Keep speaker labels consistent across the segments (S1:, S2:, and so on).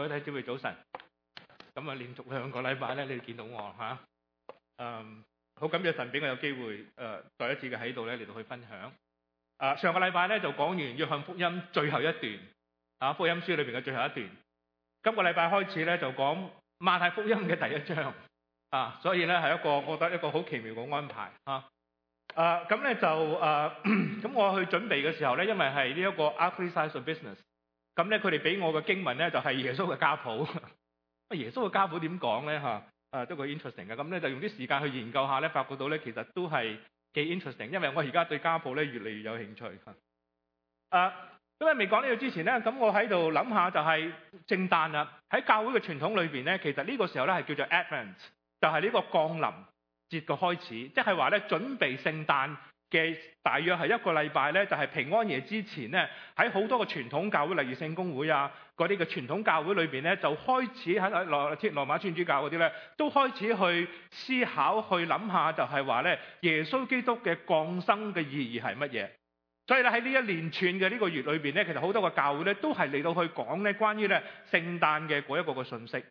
S1: 各位弟兄姊妹早晨，咁啊，連續兩個禮拜咧，你哋見到我嚇，嗯，好感謝神俾我有機會誒，第一次嘅喺度咧嚟到去分享。啊，上個禮拜咧就講完約翰福音最後一段，啊，福音書裏邊嘅最後一段。今個禮拜開始咧就講馬太福音嘅第一章，啊，所以咧係一個我覺得一個好奇妙嘅安排嚇。誒，咁咧就誒，咁我去準備嘅時候咧，因為係呢一個 appraisal business。咁咧，佢哋俾我嘅經文咧，就係耶穌嘅家譜。 啊，耶穌嘅家譜點講咧？嚇，啊都好 interesting 嘅。咁咧就用啲時間去研究下咧，發覺到咧其實都係幾 interesting。因為我而家對家譜咧越嚟越有興趣。啊，咁喺未講呢個之前咧，咁我喺度諗下就係聖誕啦。喺教會嘅傳統裏邊咧，其實呢個時候咧係叫做 Advent，就係呢個降臨節嘅開始，即係話咧準備聖誕。嘅大約係一個禮拜咧，就係平安夜之前咧，喺好多個傳統教會例如聖公會啊，嗰啲嘅傳統教會裏邊咧，就開始喺喺羅鐵羅馬天主教嗰啲咧，都開始去思考去諗下，就係話咧，耶穌基督嘅降生嘅意義係乜嘢？所以咧喺呢一連串嘅呢個月裏邊咧，其實好多個教會咧都係嚟到去講咧關於咧聖誕嘅嗰一個個信息。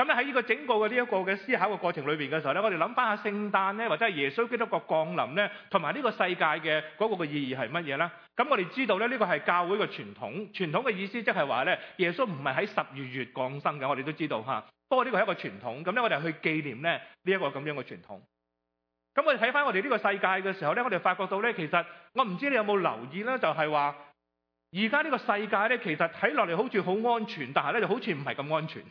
S1: 咁喺呢個整個嘅呢一個嘅思考嘅過程裏邊嘅時候咧，我哋諗翻下聖誕咧，或者係耶穌基督嘅降臨咧，同埋呢個世界嘅嗰個嘅意義係乜嘢咧？咁我哋知道咧，呢個係教會嘅傳統。傳統嘅意思即係話咧，耶穌唔係喺十二月降生嘅，我哋都知道嚇。不過呢個係一個傳統，咁咧我哋去紀念咧呢一個咁樣嘅傳統。咁我哋睇翻我哋呢個世界嘅時候咧，我哋發覺到咧，其實我唔知你有冇留意咧，就係話而家呢個世界咧，其實睇落嚟好似好安全，但係咧又好似唔係咁安全。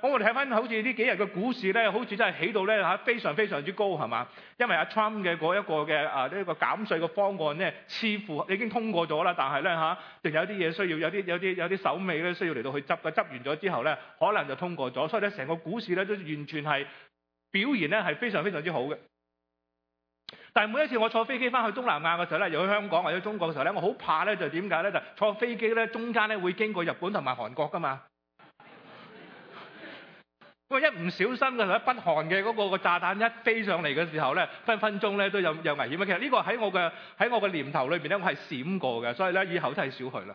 S1: 咁我哋睇翻好似呢幾日嘅股市咧，好似真係起到咧嚇非常非常之高係嘛？因為阿 Trump 嘅嗰一個嘅啊呢一個減稅嘅方案咧，似乎已經通過咗啦，但係咧嚇仲有啲嘢需要有啲有啲有啲手尾咧需要嚟到去執嘅，執完咗之後咧可能就通過咗，所以咧成個股市咧都完全係表現咧係非常非常之好嘅。但係每一次我坐飛機翻去東南亞嘅時候咧，又去香港或者中國嘅時候咧，我好怕咧就點解咧就坐飛機咧中間咧會經過日本同埋韓國㗎嘛？不過一唔小心的，佢喺北韓嘅嗰個炸彈一飛上嚟嘅時候呢，分分鐘咧都有有危險。其實呢個喺我嘅喺我嘅念頭裏面，咧，我係閃過嘅，所以呢以後都係少去啦。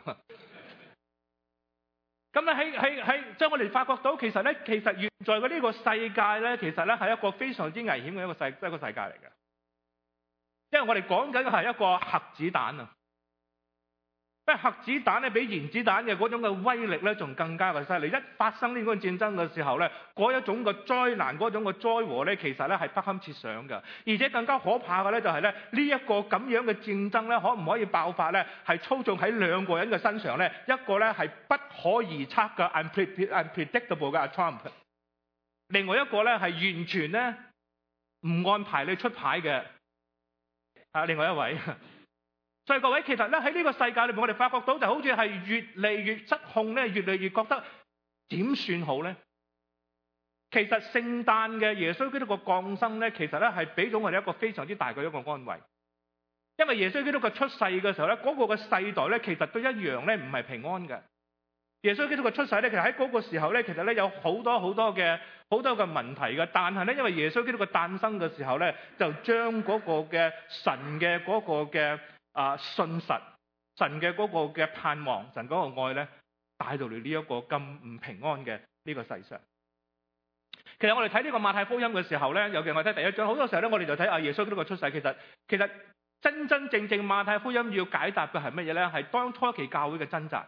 S1: 咁咧喺喺喺，將我哋發覺到其實呢，其實現在嘅呢個世界呢，其實呢係一個非常之危險嘅一個世一個世界嚟嘅，因為我哋講緊嘅係一個核子彈啊。核子彈咧比原子彈嘅嗰種嘅威力咧仲更加嘅犀利，一發生呢個戰爭嘅時候咧，嗰一種嘅災難、嗰種嘅災禍咧，其實咧係不堪設想嘅。而且更加可怕嘅咧就係咧，呢一個咁樣嘅戰爭咧，可唔可以爆發咧？係操縱喺兩個人嘅身上咧，一個咧係不可預測嘅、unpredictable 嘅 Trump，另外一個咧係完全咧唔安排你出牌嘅，啊，另外一位。各位，其實咧喺呢個世界裏邊，我哋發覺到就好似係越嚟越失控咧，越嚟越覺得點算好咧？其實聖誕嘅耶穌基督嘅降生咧，其實咧係俾咗我哋一個非常之大嘅一個安慰，因為耶穌基督嘅出世嘅時候咧，嗰個嘅世代咧，其實都一樣咧，唔係平安嘅。耶穌基督嘅出世咧，其實喺嗰個時候咧，其實咧有好多好多嘅好多嘅問題嘅，但係咧，因為耶穌基督嘅誕生嘅時候咧，就將嗰個嘅神嘅嗰個嘅。啊！信實神嘅嗰個嘅盼望，神嗰個愛咧，帶到嚟，呢一個咁唔平安嘅呢個世上。其實我哋睇呢個馬太福音嘅時候咧，尤其我睇第一章，好多時候咧，我哋就睇阿耶穌基督嘅出世。其實其實真真正正正馬太福音要解答嘅係乜嘢咧？係當初期教會嘅掙扎。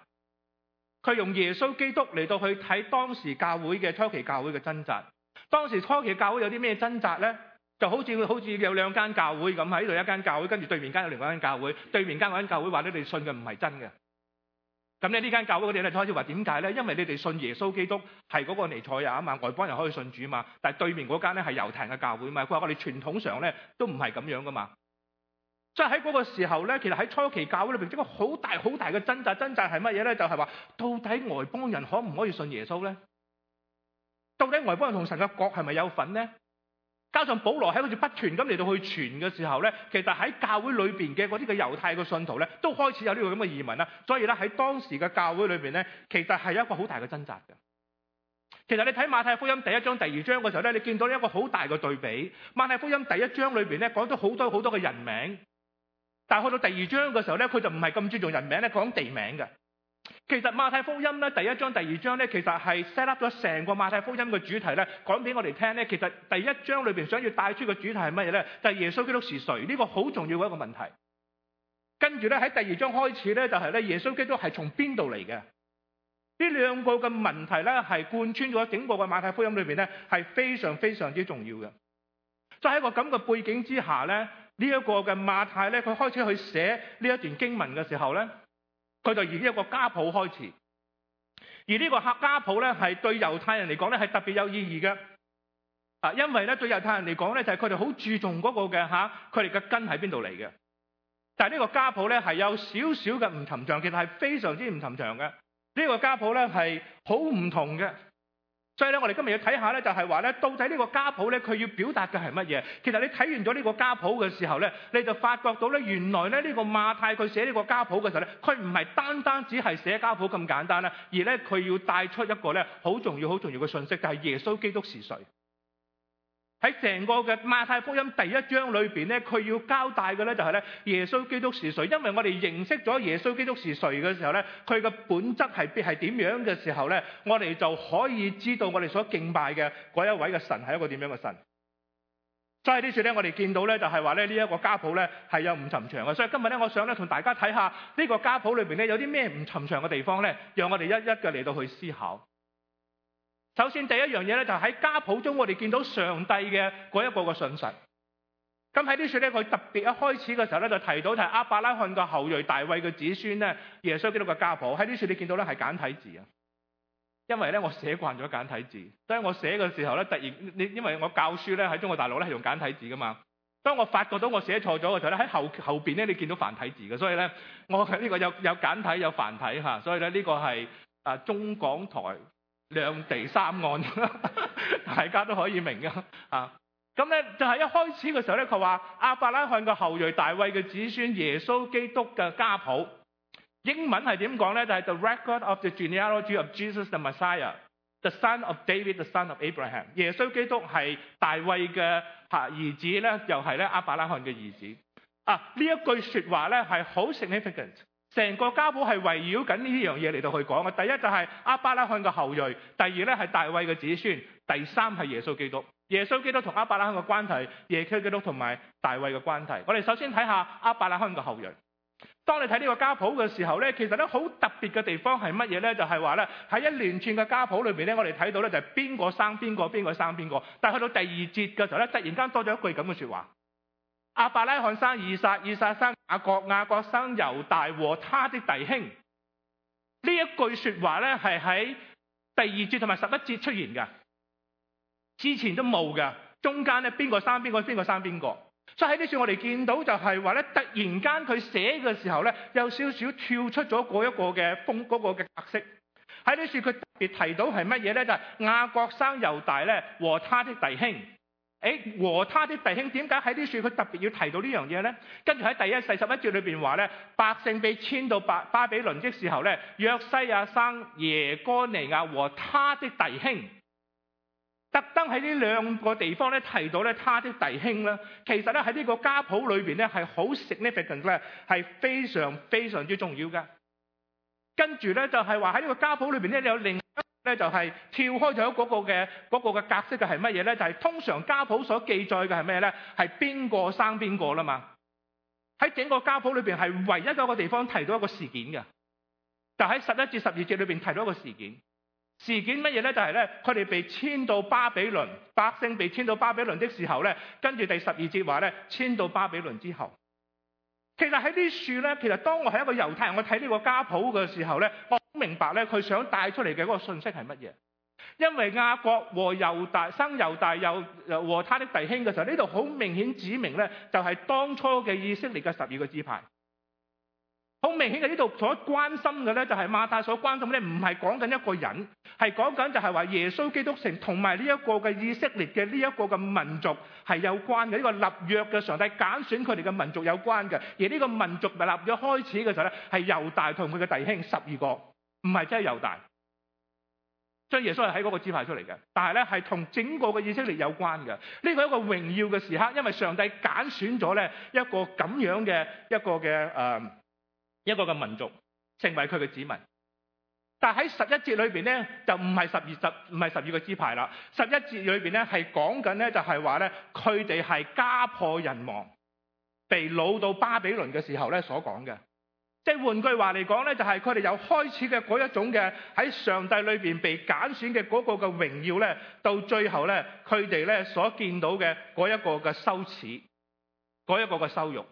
S1: 佢用耶穌基督嚟到去睇當時教會嘅初期教會嘅掙扎。當時初期教會有啲咩掙扎咧？就好似好似有兩間教會咁喺度，一間教會跟住對面間有另外一間教會，對面間嗰間教會話你哋信嘅唔係真嘅。咁咧，呢間教會佢哋就開始話點解咧？因為你哋信耶穌基督係嗰個彌賽亞啊嘛，外邦人可以信主嘛。但係對面嗰間咧係猶太嘅教會啊嘛，佢話我哋傳統上咧都唔係咁樣噶嘛。即係喺嗰個時候咧，其實喺初期教會裏邊一個好大好大嘅掙扎，掙扎係乜嘢咧？就係話到底外邦人可唔可以信耶穌咧？到底外邦人同神嘅國係咪有份咧？加上保羅喺好似不斷咁嚟到去傳嘅時候咧，其實喺教會裏面嘅嗰啲嘅猶太嘅信徒咧，都開始有呢個咁嘅疑問啦。所以咧喺當時嘅教會裏面咧，其實係一個好大嘅掙扎嘅。其實你睇馬太福音第一章第二章嘅時候咧，你見到一個好大嘅對比。馬太福音第一章裏面咧講咗好多好多嘅人名，但係去到第二章嘅時候呢，佢就唔係咁尊重人名咧，講地名嘅。其實馬太福音咧，第一章、第二章咧，其實係 set up 咗成個馬太福音嘅主題咧，講俾我哋聽咧。其實第一章裏邊想要帶出嘅主題係乜嘢咧？就係耶穌基督是誰呢個好重要嘅一個問題。跟住咧喺第二章開始咧，就係咧耶穌基督係從邊度嚟嘅？呢兩個嘅問題咧，係貫穿咗整個嘅馬太福音裏邊咧，係非常非常之重要嘅。就喺一個咁嘅背景之下咧，呢一個嘅馬太咧，佢開始去寫呢一段經文嘅時候咧。佢就以呢一個家譜開始，而呢個呢個客家譜咧，係對猶太人嚟講咧，係特別有意義嘅。因為咧，對猶太人嚟講咧，就係佢哋好注重嗰個嘅嚇，佢哋嘅根喺邊度嚟嘅。但係呢個家譜呢，係有少少嘅唔尋常，其實係非常之唔尋常嘅。呢、呢個家譜呢，係好唔同嘅。所以咧，我哋今日要睇下咧，就係話咧，到底呢個家譜呢，佢要表達嘅係乜嘢？其實你睇完咗呢個家譜嘅時候呢，你就發覺到呢，原來呢，呢個馬太佢寫呢個家譜嘅時候呢，佢唔係單單只係寫家譜咁簡單啦，而呢，佢要帶出一個呢，好重要、好重要嘅信息，就係、是、耶穌基督是誰。喺成個嘅馬太福音第一章裏邊呢，佢要交代嘅呢，就係呢，耶穌基督是誰。因為我哋認識咗耶穌基督是誰嘅時候呢，佢嘅本質係必係點樣嘅時候呢，我哋就可以知道我哋所敬拜嘅嗰一位嘅神係一個點樣嘅神。所以呢處咧，我哋見到呢就係話咧，呢一個家譜呢係有唔尋常嘅。所以今日呢，我想呢同大家睇下呢個家譜裏面呢有啲咩唔尋常嘅地方呢，讓我哋一一嘅嚟到去思考。首先第一樣嘢咧，就喺家譜中，我哋見到上帝嘅嗰一個個信實。咁喺呢處咧，佢特別一開始嘅時候咧，就提到係亞伯拉罕嘅後裔、大衛嘅子孫咧，耶穌基督嘅家譜。喺呢處你見到咧係簡體字啊，因為咧我寫慣咗簡體字，所以我寫嘅時候咧突然你因為我教書咧喺中國大陸咧係用簡體字㗎嘛，當我發覺到我寫錯咗嘅時候咧，喺後後邊咧你見到繁體字嘅，所以咧我係呢個有有簡體有繁體嚇，所以咧呢個係啊中港台。兩地三岸，大家都可以明噶啊！咁咧就係一開始嘅時候咧，佢話亞伯拉罕嘅後裔、大衛嘅子孫耶穌基督嘅家譜，英文係點講咧？就係 The record of the genealogy of Jesus the Messiah, the son of David, the son of Abraham。耶穌基督係大衛嘅吓兒子咧，又係咧亞伯拉罕嘅兒子啊！呢一句說話咧係好 significant。成個家譜係圍繞緊呢樣嘢嚟到去講，第一就係亞伯拉罕嘅後裔，第二呢係大衛嘅子孫，第三係耶穌基督。耶穌基督同亞伯拉罕嘅關係，耶穌基，基督同埋大衛嘅關係。我哋首先睇下亞伯拉罕嘅後裔。當你睇呢個家譜嘅時候呢，其實呢好特別嘅地方係乜嘢呢？就係話呢，喺一連串嘅家譜裏面呢，我哋睇到呢就係邊個生邊個，邊個生邊個。但去到第二節嘅時候呢，突然間多咗一句咁嘅説話。阿伯拉罕生以撒，以撒生雅各，雅各生猶大和他的弟兄。呢一句說話咧，係喺第二節同埋十一節出現嘅，之前都冇嘅。中間咧，邊個生邊個，邊個生邊個。所以喺呢處我哋見到就係話突然間佢寫嘅時候咧，有少少跳出咗嗰一個嘅風，那個、格式，個嘅特色。喺呢處佢特別提到係乜嘢呢？就係雅各生猶大咧和他的弟兄。誒，和他的弟兄點解喺啲書佢特別要提到呢樣嘢咧？跟住喺第一世十一節裏邊話咧，百姓被遷到巴巴比倫的時候咧，約西亞生耶哥尼亞和他的弟兄。特登喺呢兩個地方咧提到咧他的弟兄咧其實咧喺呢個家譜裏邊咧係好 significant 咧係非常非常之重要嘅。跟住咧就係話喺呢個家譜裏邊咧有另咧就係跳開咗嗰個嘅嗰個嘅格式嘅係乜嘢咧？就係、是、通常家譜所記載嘅係咩咧？係邊個生邊個啦嘛？喺整個家譜裏邊係唯一一個地方提到一個事件嘅，就喺十一節十二節裏邊提到一個事件。事件乜嘢咧？就係咧，佢哋被遷到巴比倫，百姓被遷到巴比倫的時候咧，跟住第十二節話咧，遷到巴比倫之後。其實喺啲樹呢，其實當我係一個猶太人，我睇呢個家譜嘅時候呢，我好明白呢，佢想帶出嚟嘅嗰個信息係乜嘢？因為雅各和猶大生猶大又和他的弟兄嘅時候，呢度好明顯指明呢，就係當初嘅以色列嘅十二個支派。好明顯嘅呢度所關心嘅咧，就係馬太所關心嘅咧，唔係講緊一個人，係講緊就係話耶穌基督城同埋呢一個嘅以色列嘅呢一個嘅民族係有關嘅，呢個立約嘅上帝揀選佢哋嘅民族有關嘅。而呢個民族嘅立約開始嘅時候咧，係猶大同佢嘅弟兄十二個，唔係真係猶大。所以耶穌係喺嗰個支派出嚟嘅，但係咧係同整個嘅以色列有關嘅。呢個一個榮耀嘅時刻，因為上帝揀選咗咧一個咁樣嘅一個嘅誒。一個民族成為佢嘅子民，但喺十一節裏面呢，就唔係十二十，唔係十二個支派啦。十一節裏面呢，係講緊呢，就係話呢，佢哋係家破人亡，被擄到巴比倫嘅時候呢，所講嘅，即係換句話嚟講呢，就係佢哋有開始嘅嗰一種嘅喺上帝裏面被揀選嘅嗰個嘅榮耀呢，到最後呢，佢哋呢所見到嘅嗰一個嘅羞恥，嗰一個嘅羞辱。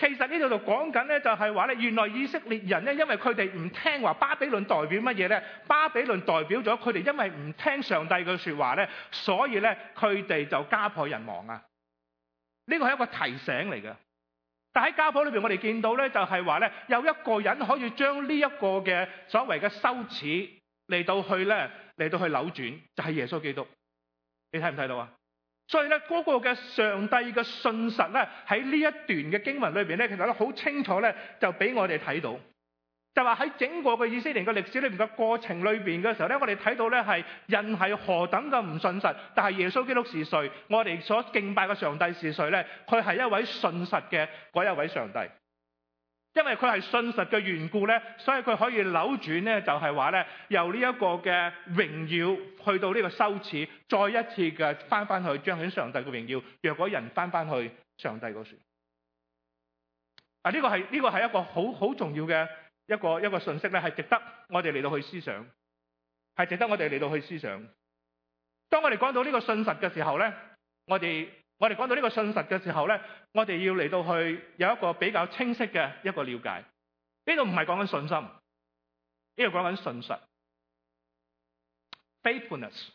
S1: 其實呢度就講緊咧，就係話原來以色列人呢，因為佢哋唔聽話，巴比倫代表乜嘢呢？巴比倫代表咗佢哋，因為唔聽上帝嘅説話呢，所以呢，佢哋就家破人亡啊！呢個係一個提醒嚟嘅。但喺家譜裏面，我哋見到呢，就係話呢，有一個人可以將呢一個嘅所謂嘅羞恥嚟到去咧，嚟到去扭轉，就係耶穌基督。你睇唔睇到啊？所以呢，嗰個嘅上帝嘅信實呢，喺呢一段嘅經文裏面呢，其實都好清楚呢，就俾我哋睇到，就話喺整個嘅以色列嘅歷史裏面嘅過程裏面嘅時候呢，我哋睇到呢係人係何等嘅唔信實，但係耶穌基督是誰？我哋所敬拜嘅上帝是誰呢？佢係一位信實嘅嗰一位上帝。因為佢係信實嘅緣故呢，所以佢可以扭轉呢，就係話咧，由呢一個嘅榮耀去到呢個羞恥，再一次嘅翻翻去彰顯上帝嘅榮耀。若果人翻翻去上帝嗰時候，啊、這、呢個係呢、這個係一個好好重要嘅一個一個信息呢，係值得我哋嚟到去思想，係值得我哋嚟到去思想。當我哋講到呢個信實嘅時候呢，我哋。我哋講到呢個信實嘅時候咧，我哋要嚟到去有一個比較清晰嘅一個了解。呢度唔係講緊信心，呢度講緊信實。Faithfulness，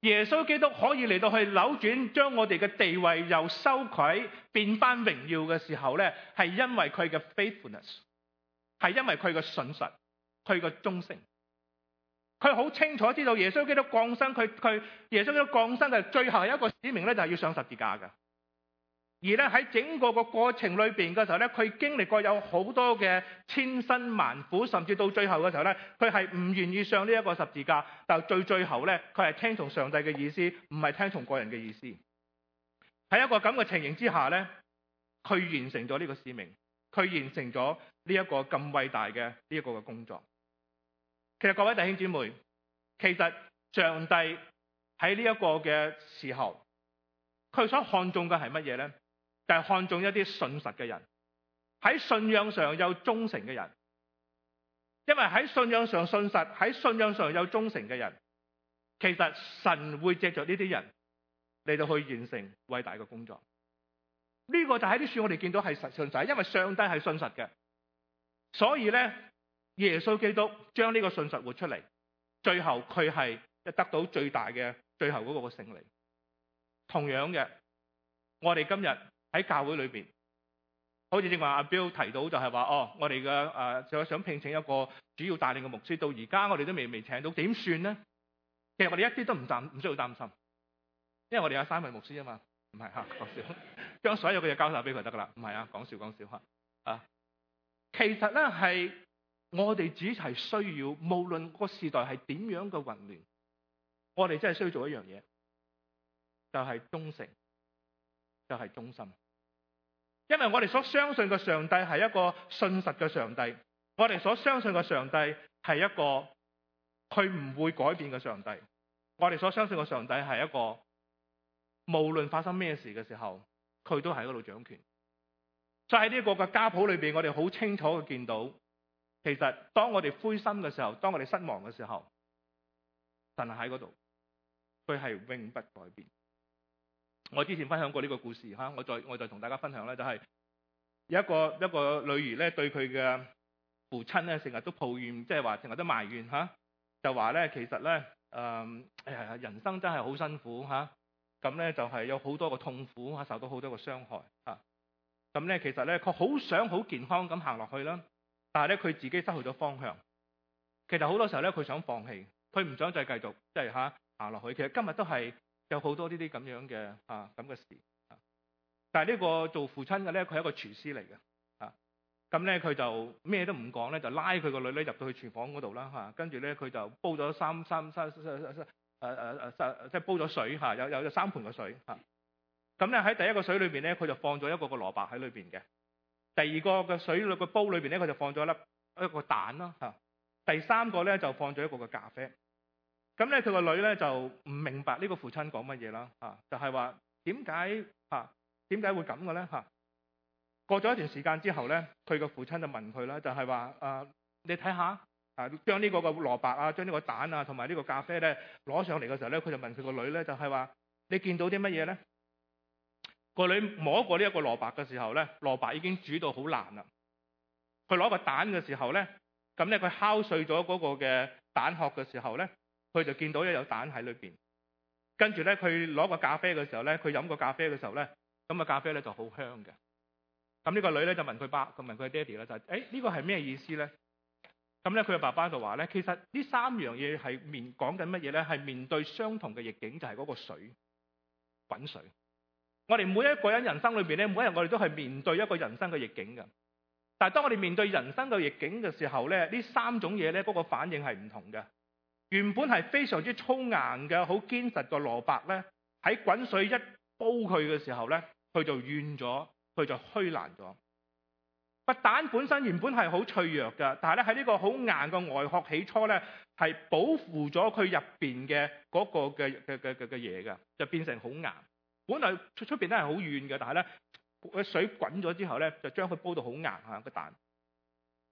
S1: 耶穌基督可以嚟到去扭轉將我哋嘅地位由羞愧變返榮耀嘅時候咧，係因為佢嘅 faithfulness，係因為佢嘅信實，佢嘅忠誠。佢好清楚知道耶穌基督降生，佢佢耶穌基督降生嘅最後一個使命咧，就係要上十字架嘅。而咧喺整個個過程裏邊嘅時候咧，佢經歷過有好多嘅千辛萬苦，甚至到最後嘅時候咧，佢係唔願意上呢一個十字架。但係最最後咧，佢係聽從上帝嘅意思，唔係聽從個人嘅意思。喺一個咁嘅情形之下咧，佢完成咗呢個使命，佢完成咗呢一個咁偉大嘅呢一個嘅工作。其實各位弟兄姊妹，其實上帝喺呢一個嘅時候，佢所看中嘅係乜嘢咧？就係、是、看中一啲信實嘅人，喺信仰上有忠誠嘅人。因為喺信仰上信實，喺信仰上有忠誠嘅人，其實神會借著呢啲人嚟到去完成偉大嘅工作。呢、這個就喺啲書我哋見到係實信實，因為上帝係信實嘅，所以咧。耶穌基督將呢個信實活出嚟，最後佢係得到最大嘅最後嗰個嘅勝利。同樣嘅，我哋今日喺教會裏邊，好似正話阿 b 提到就，就係話哦，我哋嘅誒，就，呃、想聘請一個主要帶領嘅牧師，到而家我哋都未未請到，點算呢？其實我哋一啲都唔擔唔需要擔心，因為我哋有三位牧師啊嘛，唔係吓，講笑，將所有嘅嘢交晒俾佢得噶啦，唔係啊，講笑講笑吓啊，其實咧係。我哋只係需要，無論個時代係點樣嘅混亂，我哋真係需要做一樣嘢，就係忠誠，就係忠心。因為我哋所相信嘅上帝係一個信實嘅上帝，我哋所相信嘅上帝係一個佢唔會改變嘅上帝，我哋所相信嘅上帝係一個無論發生咩事嘅時候，佢都係喺度掌權。就喺呢個嘅家譜裏邊，我哋好清楚嘅見到。其實當我哋灰心嘅時候，當我哋失望嘅時候，神喺嗰度，佢係永不改變。我之前分享過呢個故事吓，我再我再同大家分享咧，就係有一個一個女兒咧，對佢嘅父親咧，成日都抱怨，即係話成日都埋怨吓，就話咧其實咧，誒、呃，人生真係好辛苦吓，咁咧就係有好多嘅痛苦吓，受到好多嘅傷害吓，咁咧其實咧，佢好想好健康咁行落去啦。但係咧，佢自己失去咗方向。其實好多時候咧，佢想放棄，佢唔想再繼續，即係嚇行落去。其實今日都係有好多呢啲咁樣嘅嚇咁嘅事。但係呢個做父親嘅咧，佢係一個廚師嚟嘅嚇。咁咧佢就咩都唔講咧，就拉佢個女咧入到去廚房嗰度啦嚇。跟住咧佢就煲咗三三三三三誒誒誒即係煲咗水嚇，有有有三盆嘅水嚇。咁咧喺第一個水裏面咧，佢就放咗一個個蘿蔔喺裏邊嘅。Depois, 第二個嘅水裏嘅煲裏邊咧，佢就放咗一粒一個蛋啦嚇。第三個咧就放咗一個嘅咖啡。咁咧佢個女咧就唔明白呢個父親講乜嘢啦嚇，就係話點解嚇點解會咁嘅咧嚇。過咗一段時間之後咧，佢嘅父親就問佢啦，就係話啊你睇下啊將呢個嘅蘿蔔啊，將呢個蛋啊同埋呢個咖啡咧攞上嚟嘅時候咧，佢就問佢個女咧就係話你見到啲乜嘢咧？個女摸過呢一個蘿蔔嘅時候咧，蘿蔔已經煮到好爛啦。佢攞個蛋嘅時候咧，咁咧佢敲碎咗嗰個嘅蛋殼嘅時候咧，佢就見到咧有蛋喺裏邊。跟住咧佢攞個咖啡嘅時候咧，佢飲個咖啡嘅時候咧，咁啊咖啡咧就好香嘅。咁呢個女咧就問佢爸爸，咁問佢爹哋咧就，誒呢個係咩意思咧？咁咧佢嘅爸爸就話咧，其實呢三樣嘢係面講緊乜嘢咧？係面對相同嘅逆境，就係、是、嗰個水，滾水。我哋每一個人人生裏邊咧，每一日我哋都係面對一個人生嘅逆境嘅。但係當我哋面對人生嘅逆境嘅時候咧，呢三種嘢咧，嗰個反應係唔同嘅。原本係非常之粗硬嘅、好堅實嘅蘿蔔咧，喺滾水一煲佢嘅時候咧，佢就軟咗，佢就虛爛咗。核蛋本身原本係好脆弱噶，但係咧喺呢個好硬嘅外殼起初咧，係保護咗佢入邊嘅嗰個嘅嘅嘅嘅嘢噶，就變成好硬。本來出出邊都係好軟嘅，但係咧，水滾咗之後咧，就將佢煲到好硬嚇個蛋。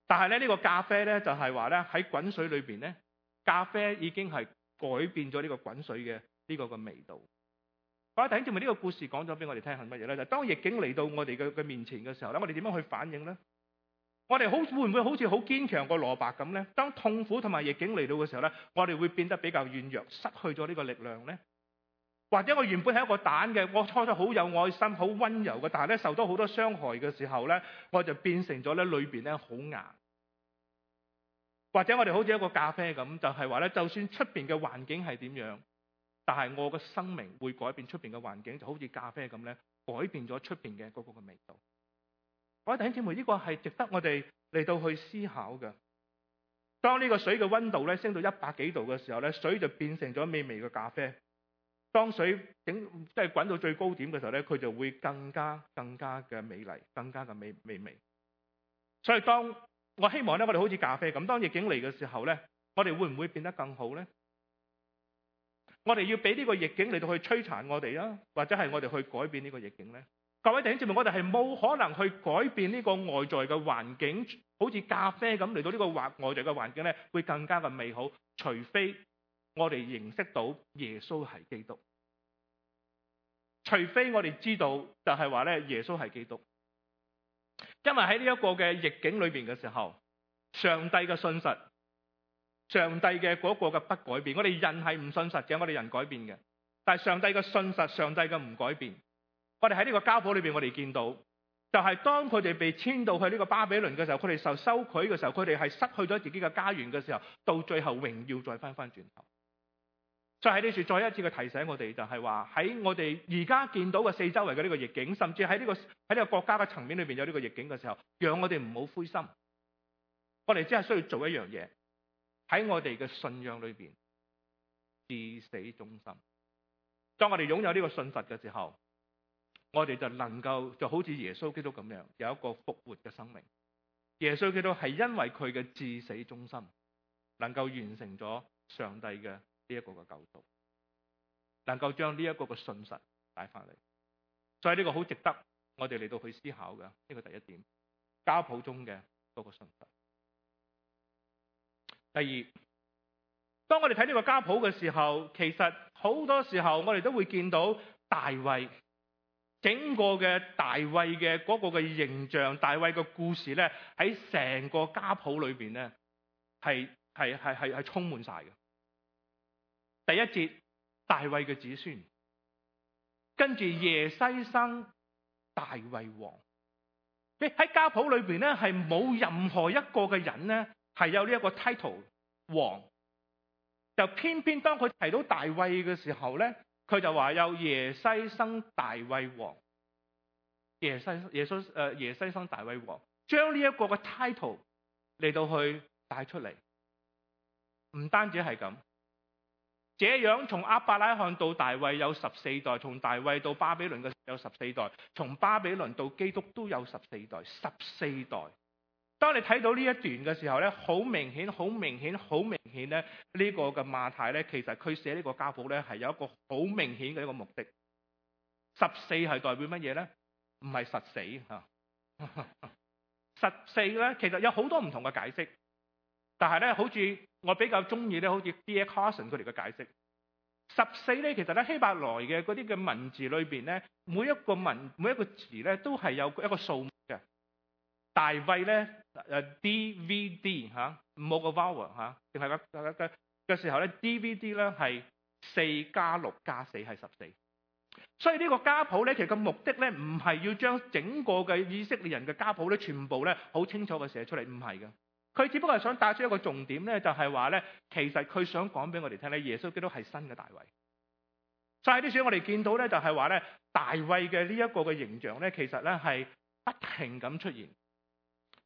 S1: 但係咧，呢、這個咖啡咧就係話咧，喺滾水裏邊咧，咖啡已經係改變咗呢個滾水嘅呢個個味道。我哋等意味呢個故事講咗俾我哋聽係乜嘢咧？就是、當逆境嚟到我哋嘅嘅面前嘅時候咧，我哋點樣去反應咧？我哋好會唔會好似好堅強個蘿蔔咁咧？當痛苦同埋逆境嚟到嘅時候咧，我哋會變得比較軟弱，失去咗呢個力量咧？或者我原本係一個蛋嘅，我初得好有愛心、好溫柔嘅，但係咧受到好多傷害嘅時候咧，我就變成咗咧裏邊咧好硬。或者我哋好似一個咖啡咁，就係話咧，就算出邊嘅環境係點樣，但係我嘅生命會改變出邊嘅環境，就好似咖啡咁咧，改變咗出邊嘅嗰個嘅味道。我、哎、位弟兄姊妹，呢、呢個係值得我哋嚟到去思考嘅。當呢個水嘅溫度咧升到一百幾度嘅時候咧，水就變成咗美味嘅咖啡。當水整即係滾到最高點嘅時候咧，佢就會更加更加嘅美麗，更加嘅美美味。所以當我希望咧，我哋好似咖啡咁，當逆境嚟嘅時候咧，我哋會唔會變得更好咧？我哋要俾呢個逆境嚟到去摧殘我哋啊，或者係我哋去改變呢個逆境咧？各位弟兄姊妹，我哋係冇可能去改變呢個外在嘅環境，好似咖啡咁嚟到呢個外外在嘅環境咧，會更加嘅美好，除非。我哋認識到耶穌係基督，除非我哋知道就係話咧，耶穌係基督。因為喺呢一個嘅逆境裏邊嘅時候，上帝嘅信實，上帝嘅嗰個嘅不改變，我哋人係唔信實嘅，我哋人改變嘅。但係上帝嘅信實，上帝嘅唔改變，我哋喺呢個家譜裏邊，我哋見到就係當佢哋被遷到去呢個巴比倫嘅時候，佢哋受羞愧嘅時候，佢哋係失去咗自己嘅家園嘅時候，到最後榮耀再返返轉頭。就喺呢處再一次嘅提醒我哋，就係話喺我哋而家見到嘅四周圍嘅呢個逆境，甚至喺呢個喺呢個國家嘅層面裏邊有呢個逆境嘅時候，讓我哋唔好灰心。我哋只係需要做一樣嘢，喺我哋嘅信仰裏邊，至死忠心。當我哋擁有呢個信實嘅時候，我哋就能夠就好似耶穌基督咁樣，有一個復活嘅生命。耶穌基督係因為佢嘅至死忠心，能夠完成咗上帝嘅。呢一個嘅救度，能夠將呢一個嘅信實帶翻嚟，所以呢個好值得我哋嚟到去思考嘅。呢、呢個第一點，家譜中嘅嗰個信實。第二，當我哋睇呢個家譜嘅時候，其實好多時候我哋都會見到大衛，整個嘅大衛嘅嗰個嘅形象、大衛嘅故事咧，喺成個家譜裏邊咧，係係係係係充滿晒嘅。第一節，大衛嘅子孫，跟住耶西生大衛王。喺喺家譜裏邊咧，係冇任何一個嘅人咧係有呢一個 title 王。就偏偏當佢提到大衛嘅時候咧，佢就話有耶西生大衛王。耶西、耶誒，耶西生大衛王，將呢一個嘅 title 嚟到去帶出嚟，唔單止係咁。這樣從阿伯拉罕到大衛有十四代，從大衛到巴比倫嘅有十四代，從巴比倫到基督都有十四代，十四代。當你睇到呢一段嘅時候咧，好明顯，好明顯，好明顯咧，呢個嘅馬太咧，其實佢寫呢個家譜咧，係有一個好明顯嘅一個目的。十四係代表乜嘢咧？唔係實死吓。 十四咧，其實有好多唔同嘅解釋，但係咧，好似。我比較中意咧，好似 D. A. Carson 佢哋嘅解釋。十四咧，其實咧希伯來嘅嗰啲嘅文字裏邊咧，每一個文每一個字咧都係有一個數目嘅。大衛咧，誒 D V D 嚇冇個 vowel 定係嘅嘅時候咧，D V D 咧係四加六加四係十四。14, 所以呢個家譜咧，其實個目的咧唔係要將整個嘅以色列人嘅家譜咧全部咧好清楚嘅寫出嚟，唔係嘅。佢只不過係想帶出一個重點咧，就係話咧，其實佢想講俾我哋聽咧，耶穌基督係新嘅大衛。所以啲書我哋見到咧，就係話咧，大衛嘅呢一個嘅形象咧，其實咧係不停咁出現。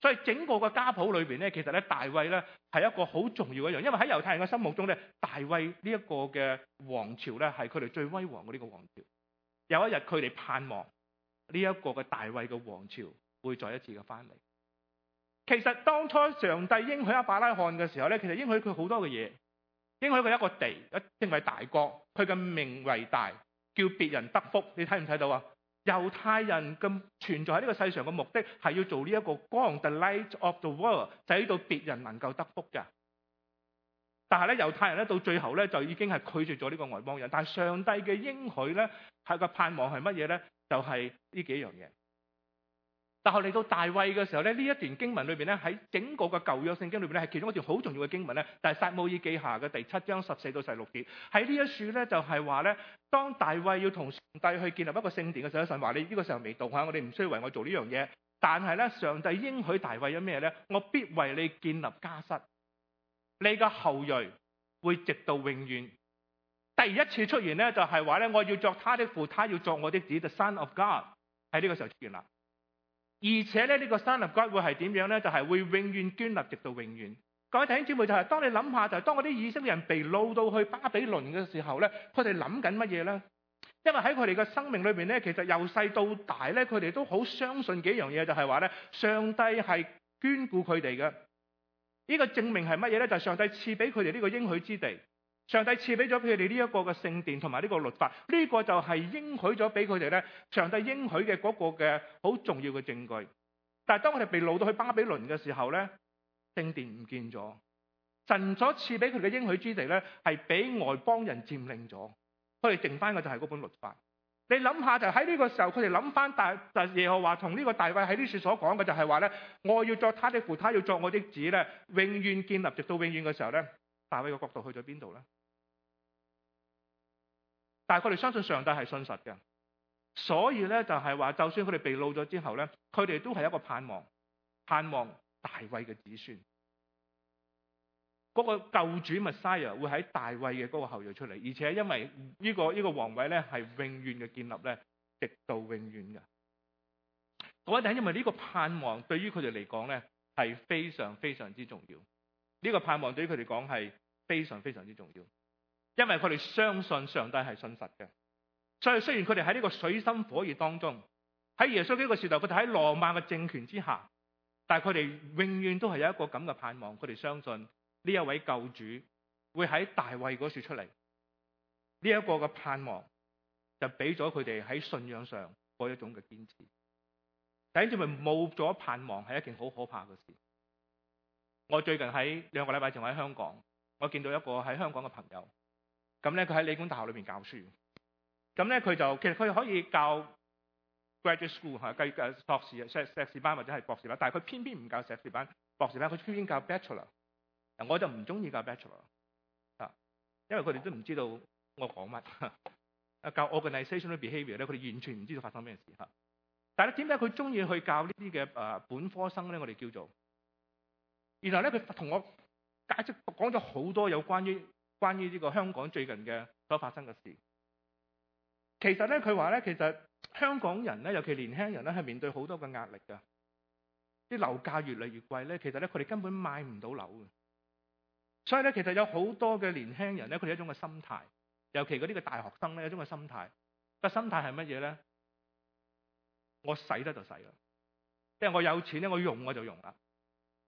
S1: 所以整個嘅家譜裏邊咧，其實咧大衛咧係一個好重要嘅一樣，因為喺猶太人嘅心目中咧，大衛呢一個嘅王朝咧係佢哋最威煌嘅呢個王朝。有一日佢哋盼望呢一個嘅大衛嘅王朝會再一次嘅翻嚟。其實當初上帝應許阿伯拉罕嘅時候咧，其實應許佢好多嘅嘢，應許佢一個地，一成為大國，佢嘅名為大，叫別人得福。你睇唔睇到啊？猶太人咁存在喺呢個世上嘅目的係要做呢一個光，the light of the world，使到別人能夠得福嘅。但係咧，猶太人咧到最後咧就已經係拒絕咗呢個外邦人。但係上帝嘅應許咧，係個盼望係乜嘢咧？就係呢幾樣嘢。但係嚟到大衛嘅時候咧，呢一段經文裏邊咧，喺整個嘅舊約聖經裏邊咧，係其中一段好重要嘅經文咧。就係撒母耳記下嘅第七章十四到十六節。喺呢一處咧，就係話咧，當大衛要同上帝去建立一個聖殿嘅時候，神話你呢個時候未到，下我哋唔需要為我做呢樣嘢。但係咧，上帝應許大衛咗咩咧？我必為你建立家室，你嘅後裔會直到永遠。第一次出現咧，就係話咧，我要作他的父，他要作我的子。The Son of God 喺呢個時候出現啦。而且呢個山立捐會係點樣呢？就係會永遠捐立直到永遠。各位弟兄姊妹，就係當你諗下，就係當嗰啲以色列人被擄到去巴比倫嘅時候咧，佢哋諗緊乜嘢咧？因為喺佢哋嘅生命裏邊咧，其實由細到大咧，佢哋都好相信幾樣嘢，就係話咧，上帝係眷顧佢哋嘅。呢個證明係乜嘢咧？就係上帝賜俾佢哋呢個應許之地。上帝賜俾咗佢哋呢一個嘅聖殿同埋呢個律法，呢個就係應許咗俾佢哋咧。上帝應許嘅嗰個嘅好重要嘅證據。但係當我哋被擄到去巴比倫嘅時候咧，聖殿唔見咗，神所賜俾佢嘅應許之地咧係俾外邦人佔領咗，佢哋剩翻嘅就係嗰本律法。你諗下就喺呢個時候，佢哋諗翻大就耶和華同呢個大衛喺呢處所講嘅就係話咧，我要作他的父，他要作我的子咧，永遠建立直到永遠嘅時候咧。大衛嘅角度去咗邊度咧？但係佢哋相信上帝係信實嘅，所以咧就係話，就算佢哋被擄咗之後咧，佢哋都係一個盼望，盼望大衛嘅子孫，嗰、那個救主 Messiah 會喺大衛嘅嗰個後裔出嚟，而且因為呢個呢個皇位咧係永遠嘅建立咧，直到永遠噶。我一定因為呢個盼望對於佢哋嚟講咧係非常非常之重要，呢、這個盼望對於佢哋講係。非常非常之重要，因為佢哋相信上帝係信實嘅，所以雖然佢哋喺呢個水深火熱當中，喺耶穌呢個時代，佢哋喺羅馬嘅政權之下，但係佢哋永遠都係有一個咁嘅盼望，佢哋相信呢一位救主會喺大衛嗰處出嚟。呢一個嘅盼望就俾咗佢哋喺信仰上嗰一種嘅堅持。但係因為冇咗盼望，係一件好可怕嘅事。我最近喺兩個禮拜前喺香港。我見到一個喺香港嘅朋友，咁咧佢喺理工大學裏邊教書，咁咧佢就其實佢可以教 graduate school 計誒碩士，碩士班或者係博士班，但係佢偏偏唔教碩士班、博士班，佢偏偏教 bachelor。我就唔中意教 bachelor 啊，因為佢哋都唔知道我講乜啊，教 organizational behavior 咧，佢哋完全唔知道發生咩事嚇。但係咧，點解佢中意去教呢啲嘅誒本科生咧？我哋叫做然後咧佢同我解釋講咗好多有關於呢個香港最近嘅所發生嘅事，其實咧佢話咧，其實香港人咧，尤其是年輕人咧，係面對好多嘅壓力㗎。啲樓價越嚟越貴咧，其實咧佢哋根本買唔到樓嘅，所以咧其實有好多嘅年輕人咧，佢哋一種嘅心態，尤其嗰啲嘅大學生咧，一種嘅心態。個心態係乜嘢呢？我使得就使啦，即係我有錢咧，我用我就用啦。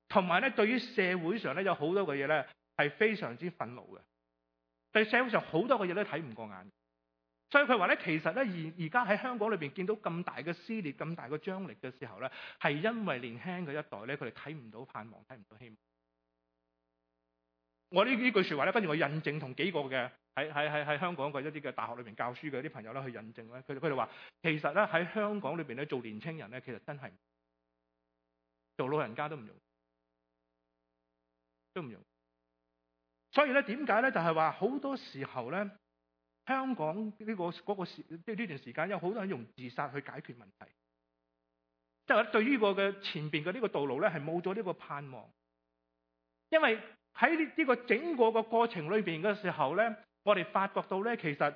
S1: 同埋咧，對於社會上咧有好多嘅嘢咧，係非常之憤怒嘅。對社會上好多嘅嘢都睇唔過眼。所以佢話咧，其實咧而而家喺香港裏邊見到咁大嘅撕裂、咁大嘅張力嘅時候咧，係因為年輕嘅一代咧，佢哋睇唔到盼望，睇唔到希望我句話。我呢呢句說話咧，跟住我印證同幾個嘅喺喺喺香港嘅一啲嘅大學裏邊教書嘅啲朋友咧去印證咧，佢佢哋話其實咧喺香港裏邊咧做年青人咧，其實真係做老人家都唔容易。都唔用，所以咧點解咧？就係話好多時候咧，香港呢個嗰個時即係呢段時間，有好多人用自殺去解決問題，即係對於個嘅前邊嘅呢個道路咧，係冇咗呢個盼望，因為喺呢個整個個過程裏邊嘅時候咧，我哋發覺到咧，其實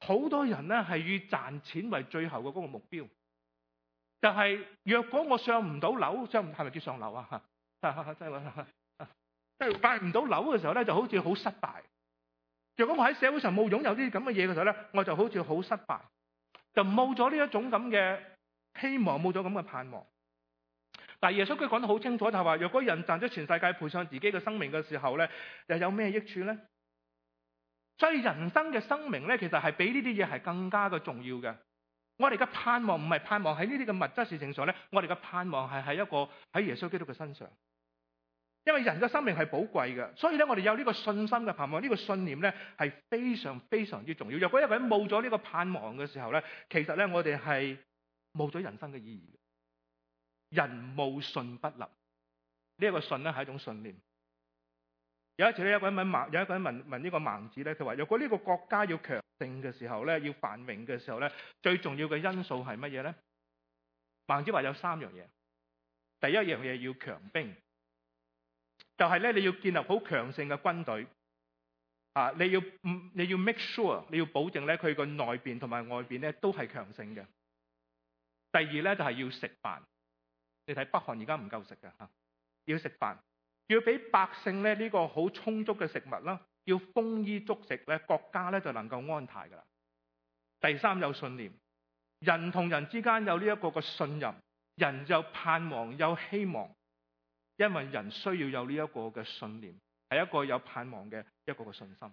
S1: 好多人咧係以賺錢為最後嘅嗰個目標，就係若果我上唔到樓，上係係咪叫上樓啊？ 買唔到樓嘅時候咧，就好似好失敗。若果我喺社會上冇擁有啲咁嘅嘢嘅時候咧，我就好似好失敗，就冇咗呢一種咁嘅希望，冇咗咁嘅盼望。但係耶穌佢講得好清楚就，就係話：若果人賺咗全世界，賠上自己嘅生命嘅時候咧，又有咩益處咧？所以人生嘅生命咧，其實係比呢啲嘢係更加嘅重要嘅。我哋嘅盼望唔係盼望喺呢啲嘅物質事情上咧，我哋嘅盼望係喺一個喺耶穌基督嘅身上。因為人嘅生命係寶貴嘅，所以咧我哋有呢個信心嘅盼望，呢個信念咧係非常非常之重要。若果一個人冇咗呢個盼望嘅時候咧，其實咧我哋係冇咗人生嘅意義。人冇信不立，呢一個信咧係一種信念。有一次咧，有一個人問盲，有一個人問問呢個盲子咧，佢話：若果呢個國家要強盛嘅時候咧，要繁榮嘅時候咧，最重要嘅因素係乜嘢咧？盲子話有三樣嘢，第一樣嘢要強兵。就係咧，你要建立好強盛嘅軍隊，啊，你要你要 make sure 你要保證咧佢個內邊同埋外邊咧都係強盛嘅。第二咧就係要食飯，你睇北韓而家唔夠食嘅吓，要食飯，要俾百姓咧呢個好充足嘅食物啦，要豐衣足食咧，國家咧就能夠安泰噶啦。第三，有信念，人同人之間有呢一個嘅信任，人有盼望有希望。因為人需要有呢一個嘅信念，係一個有盼望嘅一個嘅信心。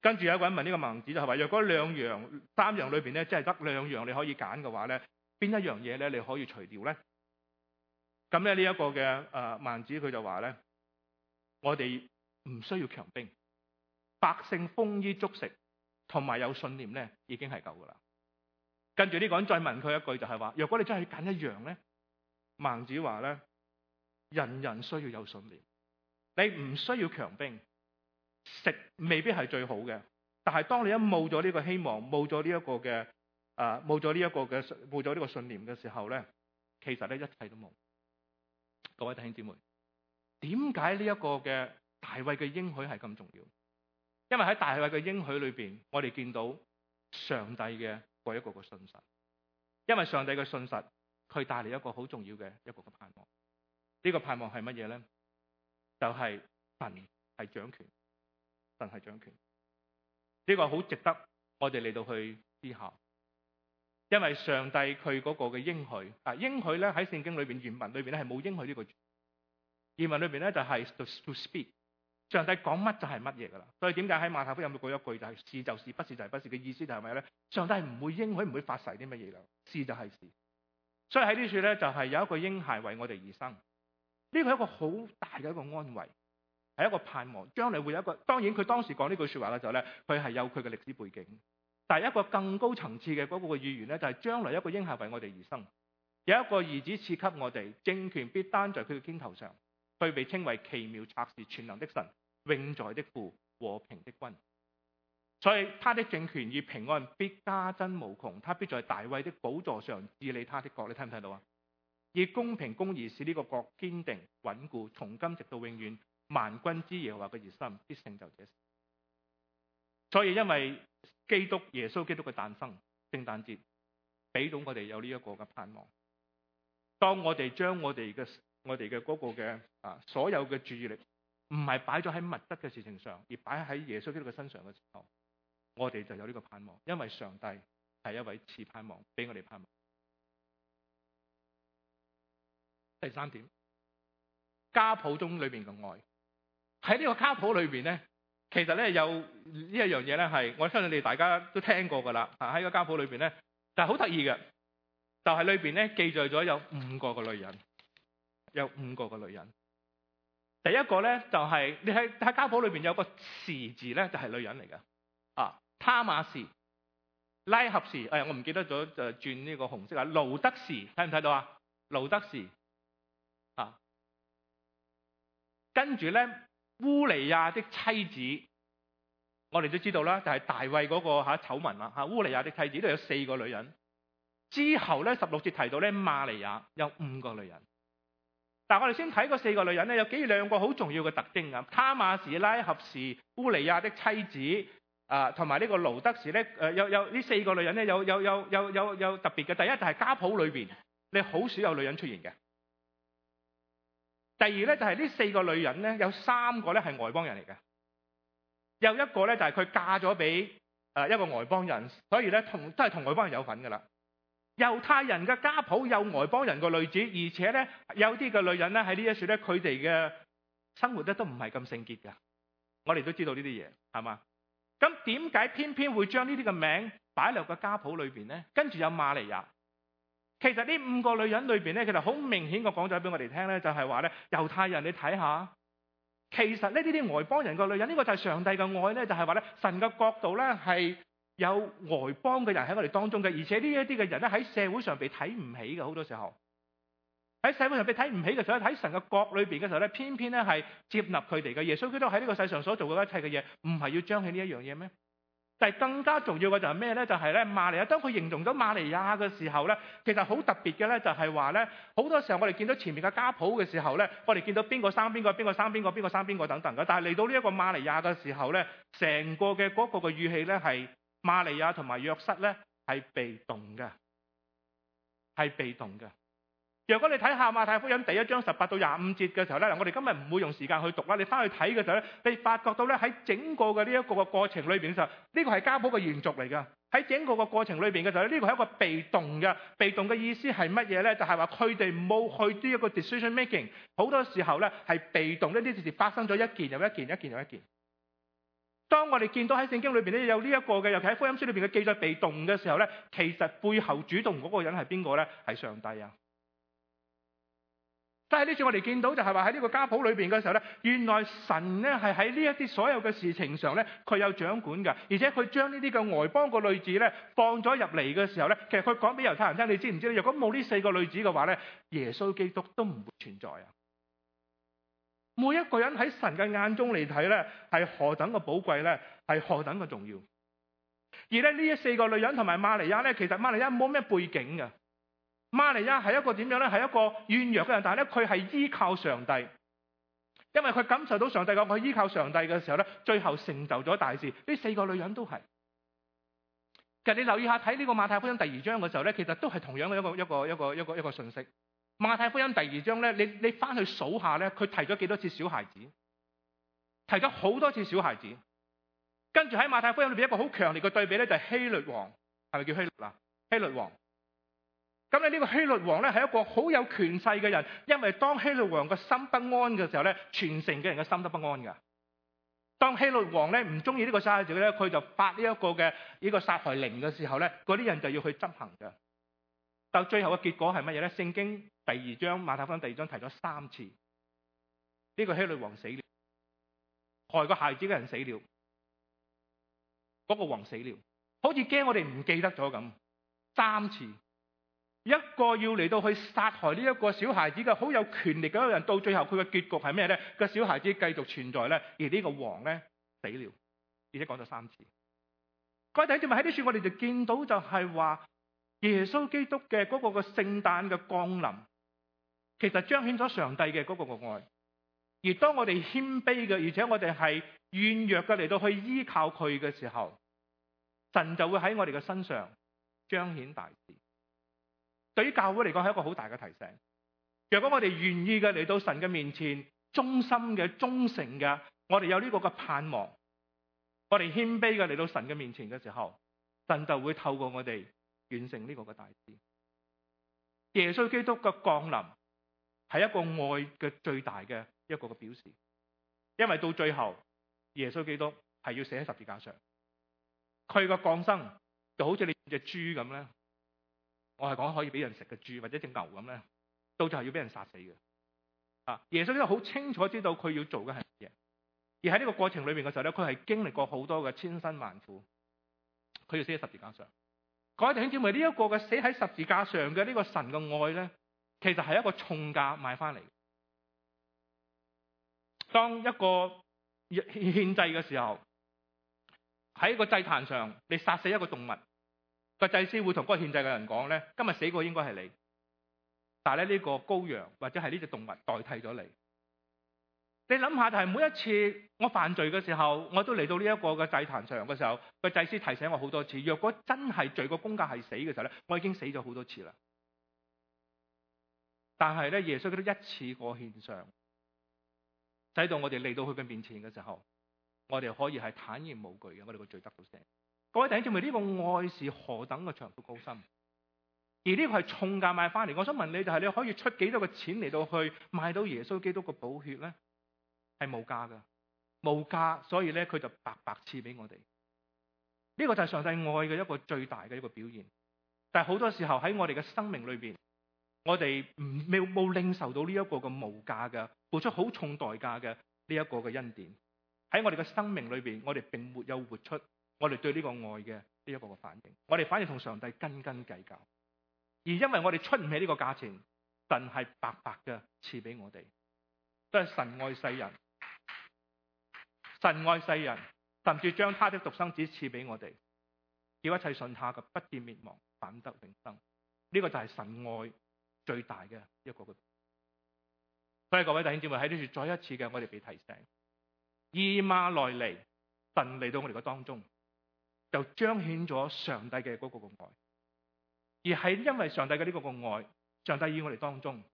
S1: 跟住有一個人問呢個孟子就係話：若果兩樣、三樣裏邊咧，即係得兩樣你可以揀嘅話咧，邊一樣嘢咧你可以除掉咧？咁咧呢一個嘅誒孟子佢就話咧：我哋唔需要強兵，百姓豐衣足食同埋有信念咧，已經係夠噶啦。跟住呢個人再問佢一句就係話：若果你真係揀一樣咧，孟子話咧？人人需要有信念，你唔需要強兵，食未必係最好嘅。但係當你一冇咗呢個希望，冇咗呢一個嘅啊，冇咗呢一個嘅，冇咗呢個信念嘅時候咧，其實咧一切都冇。各位弟兄姊妹，點解呢一個嘅大衛嘅應許係咁重要？因為喺大衛嘅應許裏邊，我哋見到上帝嘅一個一個信實。因為上帝嘅信實，佢帶嚟一個好重要嘅一個嘅盼望。呢個盼望係乜嘢咧？就係、是、神係掌權，神係掌權。呢、這個好值得我哋嚟到去思考，因為上帝佢嗰個嘅應許啊，應許咧喺聖經裏邊，原文裏邊咧係冇應許呢個。原文裏邊咧就係 to speak，上帝講乜就係乜嘢噶啦。所以點解喺馬太福音有冇嗰一句就係、是、是就是，不是就係不是嘅意思就係咩咧？上帝唔會應許，唔會發誓啲乜嘢噶。是就係事，所以喺呢處咧就係、是、有一個嬰孩為我哋而生。呢個係一個好大嘅一個安慰，係一個盼望，將來會有一個。當然佢當時講呢句説話嘅時候咧，佢係有佢嘅歷史背景。但係一個更高層次嘅嗰個預言咧，就係將來一個嬰孩為我哋而生，有一個兒子賜給我哋，政權必擔在佢嘅肩頭上，佢被稱為奇妙策士全能的神、永在的父、和平的君。所以他的政權與平安必加增無窮，他必在大衛的寶座上治理他的國。你聽唔聽到啊？以公平公義使呢個國堅定穩固，從今直到永遠。萬軍之耶和華嘅熱心必成就這事。所以因為基督耶穌基督嘅誕生，聖誕節俾到我哋有呢一個嘅盼望。當我哋將我哋嘅我哋嘅嗰個嘅啊所有嘅注意力唔係擺咗喺物質嘅事情上，而擺喺耶穌基督嘅身上嘅時候，我哋就有呢個盼望。因為上帝係一位賜盼望俾我哋盼望。第三點，家譜中裏邊嘅愛喺呢個家譜裏邊咧，其實咧有呢一樣嘢咧係，我相信你哋大家都聽過㗎啦。啊喺個家譜裏邊咧，就係好得意嘅，就係裏邊咧記載咗有五個個女人，有五個個女人。第一個咧就係你喺喺家譜裏邊有個氏字咧，就係、是就是、女人嚟㗎。啊，他馬氏、拉合氏，誒、哎、我唔記得咗就轉呢個紅色啦。路得氏睇唔睇到啊？路得氏。跟住咧，烏利亞的妻子，我哋都知道啦，就係大衛嗰個吓醜聞啦吓。烏利亞的妻子都有四個女人，之後咧十六節提到咧瑪利亞有五個女人。但係我哋先睇嗰四個女人咧，有幾兩個好重要嘅特徵啊，他瑪是拉合士烏利亞的妻子啊，同埋呢個勞德士咧誒，有有呢四個女人咧有有有有有有特別嘅，第一就係家譜裏邊你好少有女人出現嘅。第二咧就係呢四個女人咧，有三個咧係外邦人嚟嘅，有一個咧就係佢嫁咗俾誒一個外邦人，所以咧同都係同外邦人有份噶啦。猶太人嘅家譜有外邦人個女子，而且咧有啲嘅女人咧喺呢一處咧，佢哋嘅生活咧都唔係咁聖潔嘅。我哋都知道呢啲嘢係嘛？咁點解偏偏會將呢啲嘅名擺落個家譜裏邊咧？跟住有馬利亞。其實呢五個女人裏面呢，其實好明顯個講咗俾我哋聽呢，就係話呢：猶太人你睇下，其實呢呢啲外邦人個女人，呢、這個就係上帝嘅愛咧，就係話呢神嘅角度呢係有外邦嘅人喺我哋當中嘅，而且呢一啲嘅人呢，喺社會上被睇唔起嘅，好多時候喺社會上被睇唔起嘅時候，喺神嘅角裏面嘅時候呢，偏偏呢係接納佢哋嘅。所以基督喺呢個世上所做嘅一切嘅嘢，唔係要彰起呢一樣嘢咩？但係更加重要嘅就係咩咧？就係咧瑪利亞。當佢形容咗瑪利亞嘅時候咧，其實好特別嘅咧，就係話咧好多時候我哋見到前面嘅家譜嘅時候咧，我哋見到邊個生邊個，邊個生邊個，邊個生邊個等等嘅。但係嚟到呢一個瑪利亞嘅時候咧，成個嘅嗰個嘅語氣咧係瑪利亞同埋約瑟咧係被動嘅，係被動嘅。如果你睇下《馬太福音》第一章十八到廿五節嘅時候咧，我哋今日唔會用時間去讀啦。你翻去睇嘅時候咧，你發覺到咧喺整個嘅呢一個嘅過程裏邊嘅時候，呢個係家譜嘅延續嚟㗎。喺整個嘅過程裏邊嘅時候呢個係一個被動嘅。被動嘅意思係乜嘢咧？就係話佢哋冇去呢一個 decision making，好多時候咧係被動。呢啲事發生咗一件又一件，一件又一件。當我哋見到喺聖經裏邊咧有呢一個嘅，尤其喺福音書裏邊嘅記載被動嘅時候咧，其實背後主動嗰個人係邊個咧？係上帝啊！但係呢次我哋見到就係話喺呢個家譜裏面嘅時候咧，原來神咧係喺呢一啲所有嘅事情上咧，佢有掌管嘅，而且佢將呢啲嘅外邦個女子咧放咗入嚟嘅時候咧，其實佢講俾猶太人聽，你知唔知道，若果冇呢四個女子嘅話咧，耶穌基督都唔會存在啊！每一個人喺神嘅眼中嚟睇呢，係何等嘅寶貴呢，係何等嘅重要。而咧呢四個女人同埋瑪利亞咧，其實瑪利亞冇咩背景嘅。瑪利亞係一個點樣咧？係一個軟弱嘅人，但係咧佢係依靠上帝，因為佢感受到上帝嘅。佢依靠上帝嘅時候咧，最後成就咗大事。呢四個女人都係。其實你留意下睇呢個馬太福音第二章嘅時候咧，其實都係同樣嘅一個一個一個一個一個信息。馬太福音第二章咧，你你翻去數下咧，佢提咗幾多次小孩子？提咗好多次小孩子。跟住喺馬太福音裏邊一個好強烈嘅對比咧，就係希律王係咪叫希律啊？希律王。咁咧呢個希律王咧係一個好有權勢嘅人，因為當希律王個心不安嘅時候咧，全城嘅人嘅心都不安噶。當希律王咧唔中意呢個孩子咧，佢就發呢一個嘅呢個殺害令嘅時候咧，嗰啲人就要去執行㗎。但最後嘅結果係乜嘢咧？聖經第二章馬太福音第二章提咗三次，呢個希律王死了，害個孩子嘅人死了，嗰個王死了，好似驚我哋唔記得咗咁，三次。一個要嚟到去殺害呢一個小孩子嘅好有權力嘅一個人，到最後佢嘅結局係咩咧？個小孩子繼續存在咧，而呢個王咧死了。而且講咗三次，各位弟兄咪喺呢處，我哋就見到就係話耶穌基督嘅嗰個嘅聖誕嘅降臨，其實彰顯咗上帝嘅個個愛。而當我哋謙卑嘅，而且我哋係軟弱嘅嚟到去依靠佢嘅時候，神就會喺我哋嘅身上彰顯大事。對於教會嚟講係一個好大嘅提醒。若果我哋願意嘅嚟到神嘅面前，忠心嘅、忠誠嘅，我哋有呢個嘅盼望，我哋謙卑嘅嚟到神嘅面前嘅時候，神就會透過我哋完成呢個嘅大事。耶穌基督嘅降臨係一個愛嘅最大嘅一個嘅表示，因為到最後耶穌基督係要死喺十字架上，佢嘅降生就好似你隻豬咁咧。我係講可以俾人食嘅豬或者隻牛咁咧，到就係要俾人殺死嘅。啊，耶穌呢度好清楚知道佢要做嘅係乜嘢，而喺呢個過程裏邊嘅時候咧，佢係經歷過好多嘅千辛萬苦，佢要死喺十字架上。各位弟兄姐妹，呢一個嘅死喺十字架上嘅呢個神嘅愛咧，其實係一個重價買翻嚟。當一個獻祭嘅時候，喺個祭壇上你殺死一個動物。個祭司會同嗰個獻祭嘅人講咧：，今日死過應該係你，但係咧呢個羔羊或者係呢隻動物代替咗你。你諗下，就係每一次我犯罪嘅時候，我都嚟到呢一個嘅祭壇上嘅時候，個祭司提醒我好多次：，若果真係罪個工價係死嘅時候咧，我已經死咗好多次啦。但係咧，耶穌都一次過獻上，使到我哋嚟到佢嘅面前嘅時候，我哋可以係坦然無懼嘅，我哋個罪得到赦。各位弟兄姊妹呢個愛是何等嘅長度高深，而呢個係重價買翻嚟。我想問你、就是，就係你可以出幾多嘅錢嚟到去買到耶穌基督嘅寶血咧？係無價噶，無價，所以咧佢就白白賜俾我哋。呢、這個就係上帝愛嘅一個最大嘅一個表現。但係好多時候喺我哋嘅生命裏邊，我哋唔冇冇領受到呢一個嘅無價嘅付出好重代價嘅呢一個嘅恩典。喺我哋嘅生命裏邊，我哋並沒有活出。我哋對呢個愛嘅呢一個嘅反應，我哋反而同上帝斤斤計較，而因為我哋出唔起呢個價錢，神係白白嘅賜俾我哋，都係神愛世人，神愛世人，甚至將他的獨生子賜俾我哋，叫一切信他嘅不致滅亡，反得永生。呢，這個就係神愛最大嘅一個嘅。所以各位弟兄姊妹喺呢處再一次嘅，我哋被提醒，以馬內利，神嚟到我哋嘅當中。就彰顯咗上帝嘅嗰個個愛，而係因為上帝嘅呢個個愛，上帝喺我哋當中，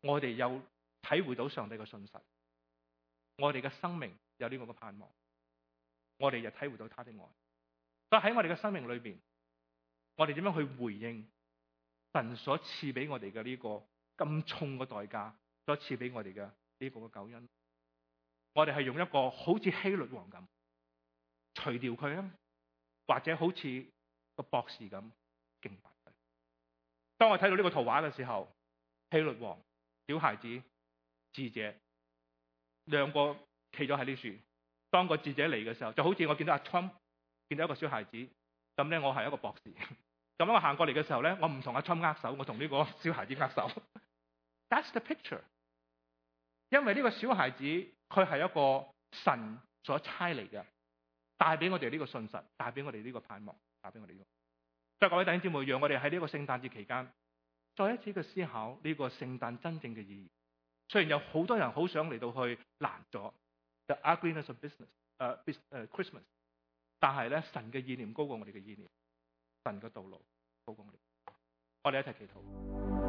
S1: 我哋又體會到上帝嘅信實，我哋嘅生命有呢個個盼望，我哋又體會到他的愛。所以喺我哋嘅生命裏邊，我哋點樣去回應神所賜俾我哋嘅呢個咁重嘅代價，所賜俾我哋嘅呢個嘅救恩，我哋係用一個好似希律王咁除掉佢啊！或者好似個博士咁敬拜。當我睇到呢個圖畫嘅時候，希律王、小孩子、智者兩個企咗喺呢度。當個智者嚟嘅時候，就好似我見到阿 Trump 見到一個小孩子咁咧。我係一個博士，咁我行過嚟嘅時候咧，我唔同阿 Trump 握手，我同呢個小孩子握手。That's the picture。因為呢個小孩子佢係一個神所差嚟嘅。帶俾我哋呢個信實，帶俾我哋呢個盼望，帶俾我哋呢個。所以各位弟兄姊妹，讓我哋喺呢個聖誕節期間，再一次去思考呢個聖誕真正嘅意義。雖然有好多人好想嚟到去攔阻，就 the ugliness of business，誒 b 誒，Christmas。但係咧，神嘅意念高過我哋嘅意念，神嘅道路高過我哋。我哋一齊祈禱。